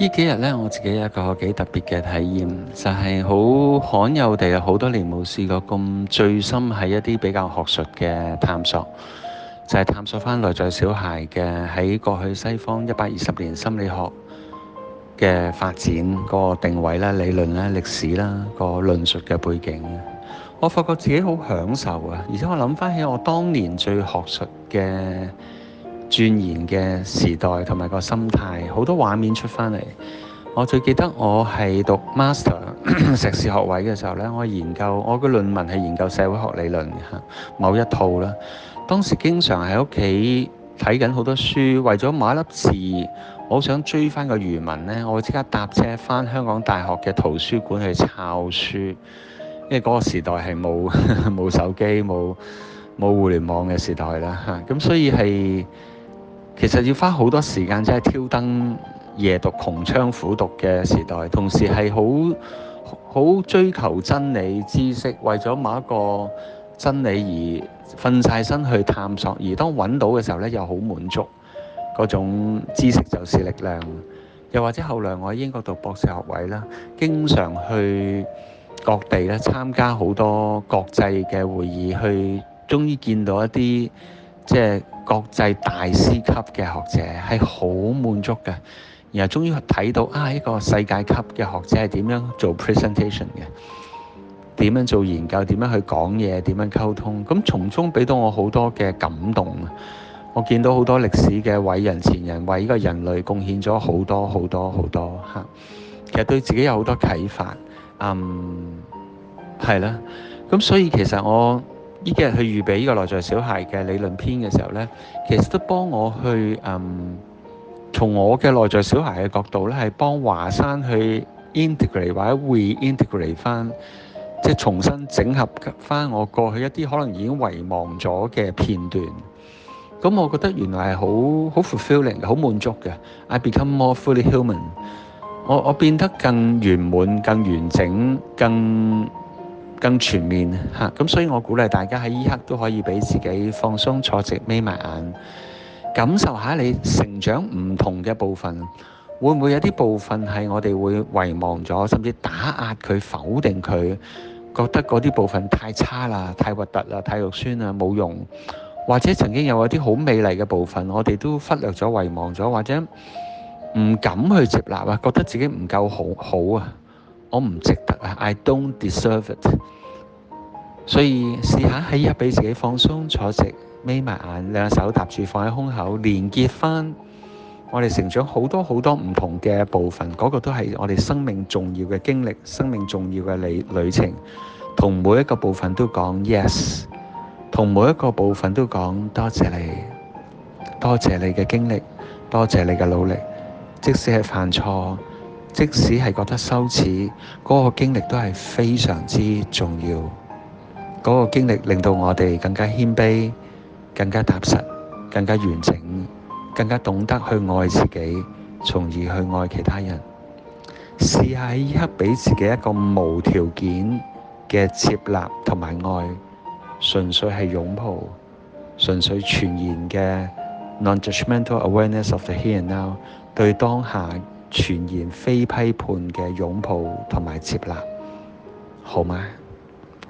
呢幾日咧，我自己有一個幾特別嘅體驗，就係好罕有地，好多年冇試過咁醉心喺一啲比較學術嘅探索，就係探索翻內在小孩嘅喺過去西方一百二十年心理學嘅發展、個定位啦、理論啦、歷史啦、個論述嘅背景。我發覺自己好享受啊，而且我諗翻起我當年最學術嘅鑽研嘅時代同埋個心態，好多畫面出翻嚟。我最記得我係讀 master 碩 士學位嘅時候呢，我研究我嘅論文係研究社會學理論嘅某一套啦。當時經常喺屋企睇緊好多書，為咗買一粒字，我想追翻個原文。呢，我即刻搭車翻香港大學嘅圖書館去抄書，因為嗰個時代係冇冇手機、冇冇互聯網嘅時代啦嚇，咁所以係。其實要花好多時間，即係挑燈夜讀、窮窗苦讀嘅時代，同時係好好追求真理知識，為咗某一個真理而瞓晒身去探索。而當揾到嘅時候呢，又好滿足。嗰種知識就是力量。又或者後來我喺英國讀博士學位啦，經常去各地咧參加好多國際嘅會議，去終於見到一啲。即係國際大師級嘅學者，係好滿足嘅。然後終於睇到啊，呢個世界級嘅學者係點樣做 presentation 嘅？點樣做研究，點樣去講嘢，點樣溝通。咁從中俾到我好多嘅感動。我見到好多歷史嘅偉人前人為呢個人類貢獻咗好多好多好多吓。其實對自己有好多啟發。嗯，係啦。咁所以其實我。呢幾日去預備呢個內在小孩嘅理論篇嘅時候咧，其實都幫我去嗯，從我嘅內在小孩嘅角度咧，係幫華山去 integrate 或者 re-integrate 翻，即係重新整合翻我過去一啲可能已經遺忘咗嘅片段。咁我覺得原來係好好 fulfilling 嘅，好滿足嘅。I become more fully human。我我變得更圓滿、更完整、更，更全面嚇，咁，啊、所以我鼓勵大家喺依刻都可以俾自己放鬆坐直眯埋眼，感受下你成長唔同嘅部分，會唔會有啲部分係我哋會遺忘咗，甚至打壓佢、否定佢，覺得嗰啲部分太差啦、太核突啦、太肉酸啊、冇用，或者曾經有一啲好美麗嘅部分，我哋都忽略咗、遺忘咗，或者唔敢去接納啊，覺得自己唔夠好好啊。我唔值得啊！I don't deserve it。所以試下喺呢一刻俾自己放鬆坐直，眯埋眼，兩手搭住放喺胸口，連結翻我哋成長好多好多唔同嘅部分，嗰個都係我哋生命重要嘅經歷，生命重要嘅旅旅程。同每一個部分都講 yes，同每一個部分都講多謝你，多謝你嘅經歷，多謝你嘅努力，即使係犯錯。即使係覺得羞恥，嗰、那個經歷都係非常之重要。嗰、那個經歷令到我哋更加謙卑、更加踏實、更加完整、更加懂得去愛自己，從而去愛其他人。試下喺依刻俾自己一個無條件嘅接納同埋愛，純粹係擁抱，純粹全然嘅 non-judgmental awareness of the here and now，對當下。全然非批判嘅擁抱同埋接納，好嗎？